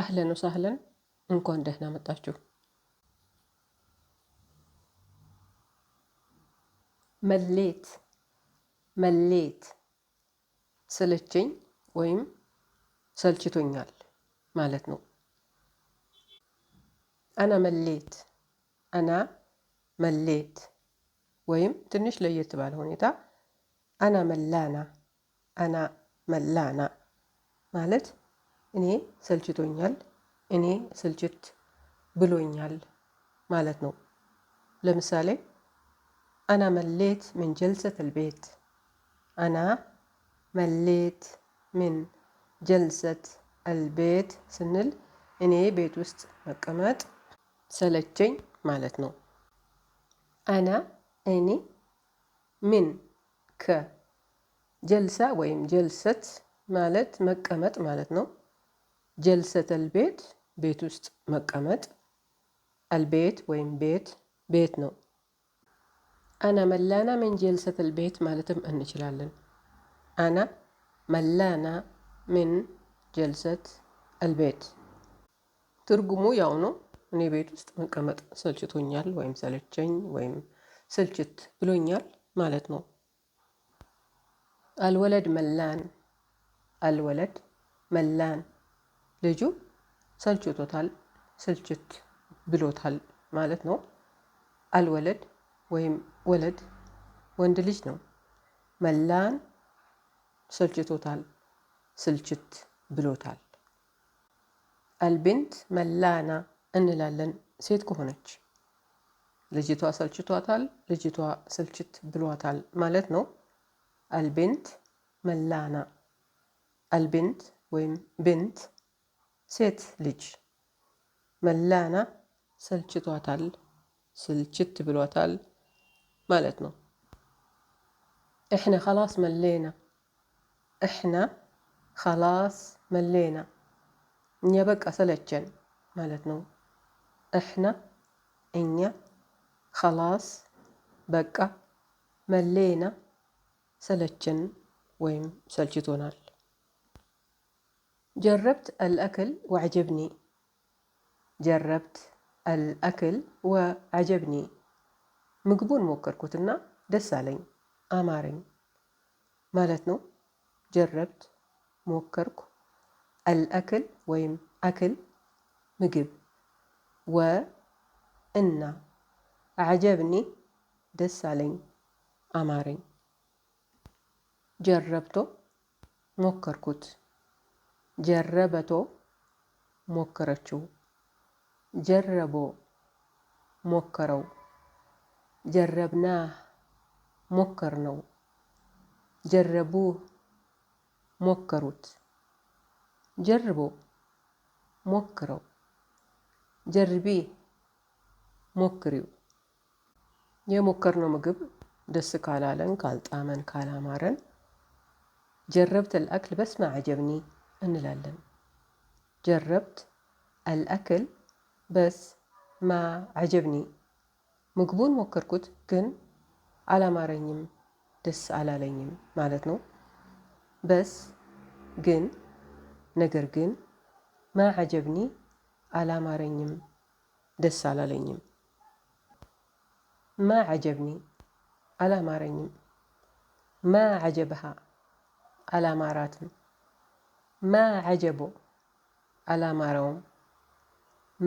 አህለን ወሳህለን እንኳን ደህና መጣችሁ። መሌት መሌት ሰለቸኝ ወይም ሰልችቶኛል ማለት ነው። አና መሌት አና መሌት ወይም ትንሽ ለየት ባለ ሁኔታ አና መላና አና መላና ማለት እኔ ሰልችቶኛል፣ እኔ ስልችት ብሎኛል ማለት ነው። ለምሳሌ አና መሌት ምን ጀልሰት ልቤት፣ አና መሌት ምን ጀልሰት አልቤት ስንል እኔ ቤት ውስጥ መቀመጥ ሰለቸኝ ማለት ነው። አና እኔ ምን ከ ጀልሳ ወይም ጀልሰት ማለት መቀመጥ ማለት ነው። ጀልሰት አልቤት ቤት ውስጥ መቀመጥ። አልቤት ወይም ቤት ቤት ነው። አና መላና ምን ጀልሰት አልቤት ማለትም እንችላለን። አና መላና ምን ጀልሰት አልቤት ትርጉሙ ያው ነው። እኔ ቤት ውስጥ መቀመጥ ሰልችቶኛል ወይም ሰለቸኝ ወይም ስልችት ብሎኛል ማለት ነው። አልወለድ መላን አልወለድ መላን ልጁ ሰልችቶታል፣ ስልችት ብሎታል ማለት ነው። አልወለድ ወይም ወለድ ወንድ ልጅ ነው። መላን ሰልችቶታል፣ ስልችት ብሎታል። አልቢንት መላና እንላለን ሴት ከሆነች ልጅቷ ሰልችቷታል፣ ልጅቷ ስልችት ብሏታል ማለት ነው። አልቢንት መላና አልቢንት ወይም ቢንት ሴት ልጅ መላና ሰልችቷታል፣ ስልችት ብሏታል ማለት ነው። እሕና ከላስ መሌና፣ እሕና ከላስ መሌና፣ እኛ በቃ ሰለቸን ማለት ነው። እሕና እኛ፣ ከላስ በቃ፣ መሌና ሰለቸን ወይም ሰልችቶናል። جربت الأكل وعجبني جربت አልአክል ወአጀብኒ ምግቡን ሞከርኩትና ደስ አለኝ አማረኝ ማለት ነው። ጀረብት ሞከርኩ፣ አልአክል ወይም አክል ምግብ፣ ወ እና አጀብኒ ደስ አለኝ አማረኝ። ጀረብቶ ሞከርኩት ጀረበቶ ሞከረችው ጀረቦ ሞከረው ጀረብና ሞከር ነው ጀረቡ ሞከሩት ጀርቦ ሞክረው ጀርቢ ሞክሪው የሞከርነው ምግብ ደስ ካላለን ካልጣመን ካላማረን ጀረብት አልአክል በስመ አጀብኒ እንላለን። ጀረብት አልአክል በስ ማ ዐጀብኒ ምግቡን ሞከርኩት ግን አላማረኝም፣ ደስ አላለኝም ማለት ነው። በስ ግን፣ ነገር ግን፣ ማ ዐጀብኒ አላማረኝም፣ ደስ አላለኝም። ማ ዐጀብኒ አላማረኝም። ማ ዐጀብሃ አላማራትም ما عجبوا አላማረውም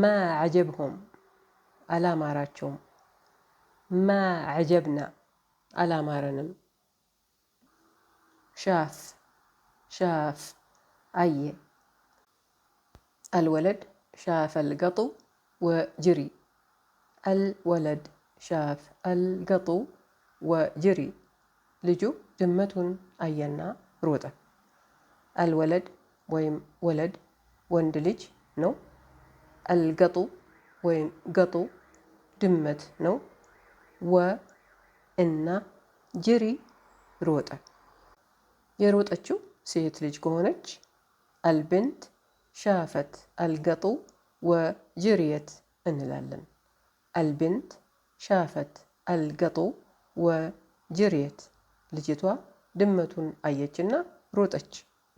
ማ ዐጀብሁም አላማራቸውም ማ ዐጀብና አላማረንም ሻፍ ሻፍ አየ الولد شاف القطو وجري الولد شاف القطو وجري ልጁ ድመቱን አየና ሮጠ الولد ወይም ወለድ ወንድ ልጅ ነው። አልገጡ ወይም ገጡ ድመት ነው። ወ እና ጅሪ ሮጠ። የሮጠችው ሴት ልጅ ከሆነች አልብንት ሻፈት አልገጡ ወጅሪየት እንላለን። አልብንት ሻፈት አልገጡ ወጅሪየት ልጅቷ ድመቱን አየችና ሮጠች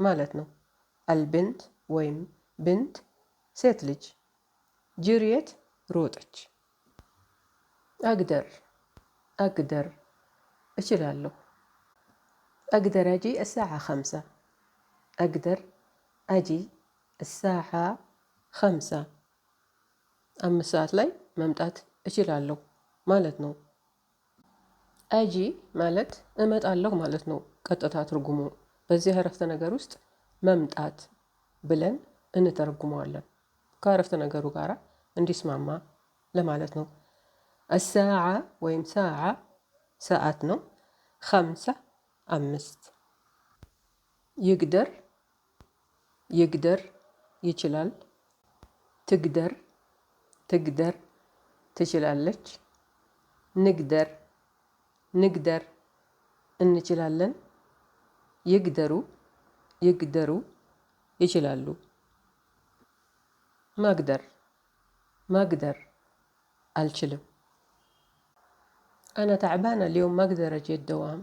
ማለት ነው። አልብንት ወይም ብንት ሴት ልጅ፣ ጅሪየት ሮጠች። አግደር አግደር እችላለሁ። አግደር አጂ الساعة خمسة አግደር አጂ الساعة خمسة አምስት ሰዓት ላይ መምጣት እችላለሁ ማለት ነው። አጂ ማለት እመጣለሁ ማለት ነው ቀጥታ ትርጉሙ። በዚህ አረፍተ ነገር ውስጥ መምጣት ብለን እንተረጉመዋለን። ከአረፍተ ነገሩ ጋር እንዲስማማ ለማለት ነው። አሰዓ ወይም ሰዓ ሰዓት ነው። ከምሳ አምስት። ይግደር ይግደር ይችላል። ትግደር ትግደር ትችላለች። ንግደር ንግደር እንችላለን። ይግደሩ ይግደሩ ይችላሉ። ማግደር ማግደር አልችልም። አና تعبانة اليوم ما أقدر أجي الدوام.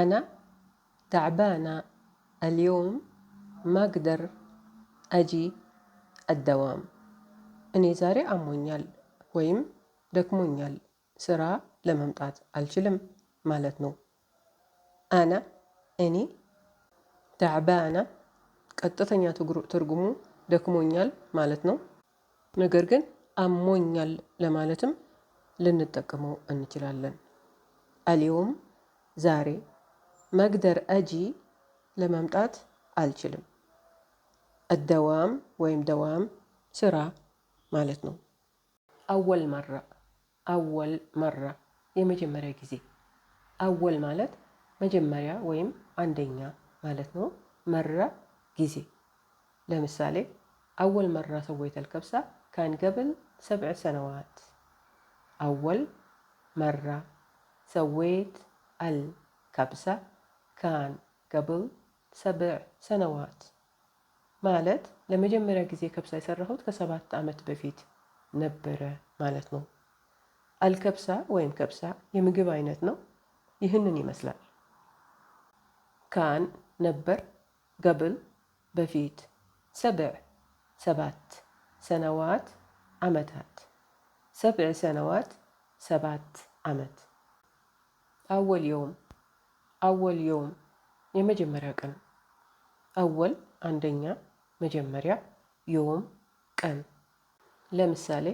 أنا تعبانة اليوم ما أقدر الدوام. እኔ ዛሬ አሞኛል ወይም ደክሞኛል ስራ ለመምጣት አልችልም ማለት ነው። አና እኔ ዳዕባና ቀጥተኛ ትርጉሙ ደክሞኛል ማለት ነው። ነገር ግን አሞኛል ለማለትም ልንጠቀመው እንችላለን። አሊዮም ዛሬ መግደር አጂ ለመምጣት አልችልም። አደዋም ወይም ደዋም ስራ ማለት ነው። አወል መራ አወል መራ የመጀመሪያ ጊዜ። አወል ማለት መጀመሪያ ወይም አንደኛ ማለት ነው። መራ ጊዜ ለምሳሌ አወል መራ ሰወይተል ከብሳ ካን ገብል ሰብዕ ሰነዋት አወል መራ ሰወይት አል ከብሳ ካን ገብል ሰብዕ ሰነዋት ማለት ለመጀመሪያ ጊዜ ከብሳ የሰራሁት ከሰባት ዓመት በፊት ነበረ ማለት ነው። አልከብሳ ወይም ከብሳ የምግብ አይነት ነው። ይህንን ይመስላል። ካን ነበር ቀብል በፊት ሰብዕ ሰባት ሰነዋት ዓመታት ሰብዕ ሰነዋት ሰባት ዓመት አወል የውም አወል የውም የመጀመሪያ ቀን አወል አንደኛ መጀመሪያ የውም ቀን ለምሳሌ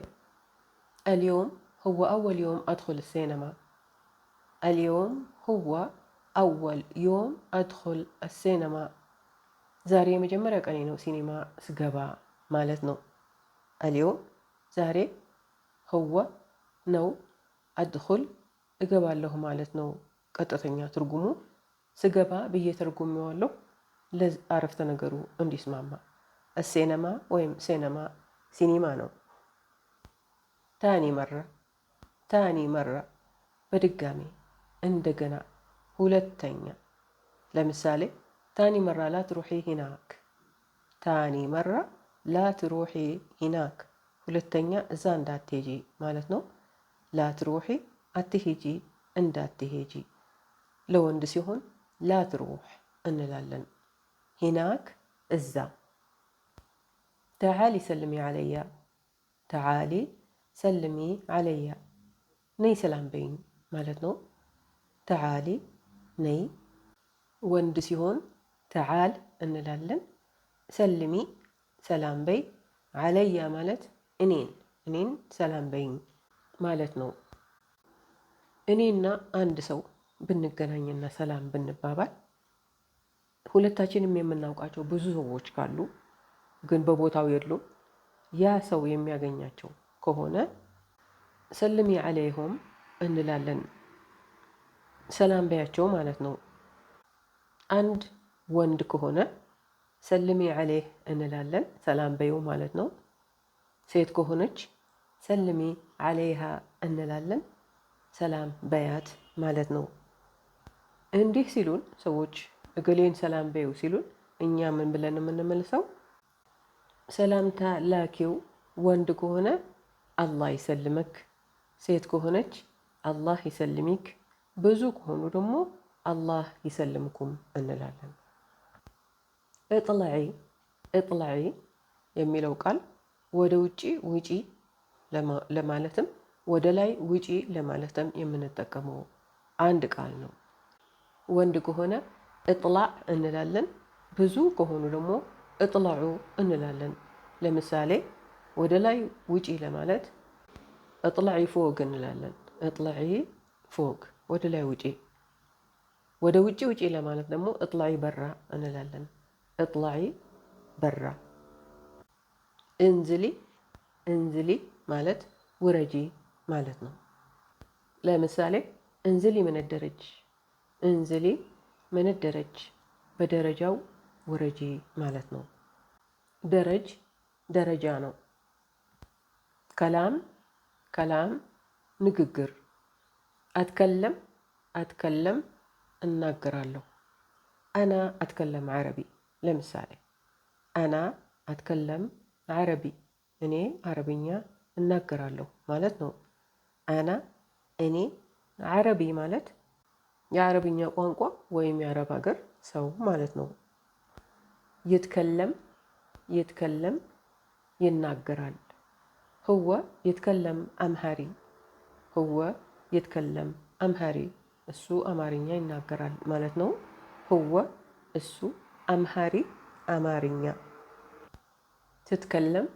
አልየውም ሁዋ አወል የውም አድኹል ሲነማ አልየውም ሁዋ አወል ዮም አድኮል አሴነማ ዛሬ የመጀመሪያ ቀኔ ነው ሲኒማ ስገባ ማለት ነው። አልዮም ዛሬ ህወ ነው አድኩል እገባለሁ ማለት ነው። ቀጥተኛ ትርጉሙ ስገባ ብዬ ተርጉሜዋለሁ ለአረፍተ ነገሩ እንዲስማማ። አሴነማ ወይም ሴነማ ሲኒማ ነው። ታኒ መራ ታኒ መራ በድጋሜ እንደገና ሁለተኛ ለምሳሌ ታኒ መራ ላትሩሒ ሂናክ፣ ታኒ መራ ላትሩሒ ሂናክ፣ ሁለተኛ እዛ እንዳትሄጂ ማለት ነው። ላትሩሒ አትሄጂ፣ እንዳትሄጂ። ለወንድ ሲሆን ላትሩሕ እንላለን። ሂናክ እዛ። ተዓሊ ሰልሚ ዓለያ፣ ተዓሊ ሰልሚ ዓለያ፣ ነይ ሰላም በይኝ ማለት ነው። ተዓሊ ነይ፣ ወንድ ሲሆን ተዓል እንላለን። ሰልሚ ሰላም በይ፣ አለያ ማለት እኔን እኔን ሰላም በይኝ ማለት ነው። እኔና አንድ ሰው ብንገናኝና ሰላም ብንባባል ሁለታችንም የምናውቃቸው ብዙ ሰዎች ካሉ ግን በቦታው የሉም፣ ያ ሰው የሚያገኛቸው ከሆነ ሰልሚ አለይሆም እንላለን። ሰላም በያቸው ማለት ነው። አንድ ወንድ ከሆነ ሰልሚ አሌህ እንላለን፣ ሰላም በየው ማለት ነው። ሴት ከሆነች ሰልሚ አለይሃ እንላለን፣ ሰላም በያት ማለት ነው። እንዲህ ሲሉን ሰዎች እገሌን ሰላም በየው ሲሉን እኛ ምን ብለን የምንመልሰው ሰላምታ ላኪው ወንድ ከሆነ አላህ ይሰልመክ፣ ሴት ከሆነች አላህ ይሰልሚክ ብዙ ከሆኑ ደግሞ አላህ ይሰልምኩም እንላለን። እጥላዒ እጥላዒ የሚለው ቃል ወደ ውጪ ውጪ ለማለትም ወደ ላይ ውጪ ለማለትም የምንጠቀመው አንድ ቃል ነው። ወንድ ከሆነ እጥላዕ እንላለን። ብዙ ከሆኑ ደግሞ እጥላዑ እንላለን። ለምሳሌ ወደ ላይ ውጪ ለማለት እጥላዒ ፎግ እንላለን። እጥላዒ ፎግ ወደ ላይ ውጪ። ወደ ውጪ ውጪ ለማለት ደግሞ እጥላይ በራ እንላለን። እጥላይ በራ። እንዝሊ እንዝሊ ማለት ውረጂ ማለት ነው። ለምሳሌ እንዝሊ መነደረች እንዝሊ መነደረች በደረጃው ውረጂ ማለት ነው። ደረጅ ደረጃ ነው። ከላም ከላም ንግግር አትከለም አትከለም እናገራለሁ። አና አትከለም አረቢ። ለምሳሌ አና አትከለም አረቢ፣ እኔ አረብኛ እናገራለሁ ማለት ነው። አና እኔ፣ አረቢ ማለት የአረብኛ ቋንቋ ወይም የአረብ ሀገር ሰው ማለት ነው። የትከለም የትከለም ይናገራል። ህወ የትከለም አምሃሪ ህወ የትከለም አምሃሪ እሱ አማርኛ ይናገራል ማለት ነው። ህወ እሱ አምሃሪ አማርኛ ትትከለም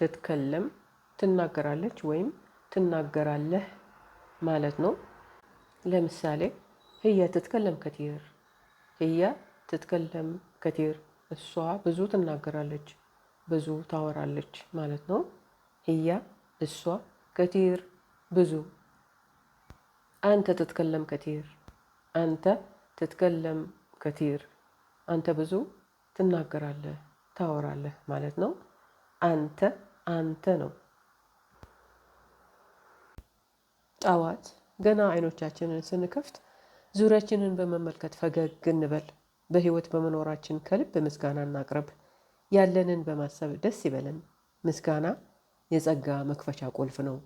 ትትከለም ትናገራለች ወይም ትናገራለህ ማለት ነው። ለምሳሌ ህያ ትትከለም ከቲር፣ ህያ ትትከለም ከቲር፣ እሷ ብዙ ትናገራለች፣ ብዙ ታወራለች ማለት ነው። ህያ እሷ፣ ከቲር ብዙ አንተ ትትከለም ከቲር፣ አንተ ትትከለም ከቲር፣ አንተ ብዙ ትናገራለህ ታወራለህ ማለት ነው። አንተ አንተ ነው። ጠዋት ገና አይኖቻችንን ስንከፍት ዙሪያችንን በመመልከት ፈገግ እንበል። በህይወት በመኖራችን ከልብ ምስጋና እናቅርብ። ያለንን በማሰብ ደስ ይበለን። ምስጋና የጸጋ መክፈቻ ቁልፍ ነው።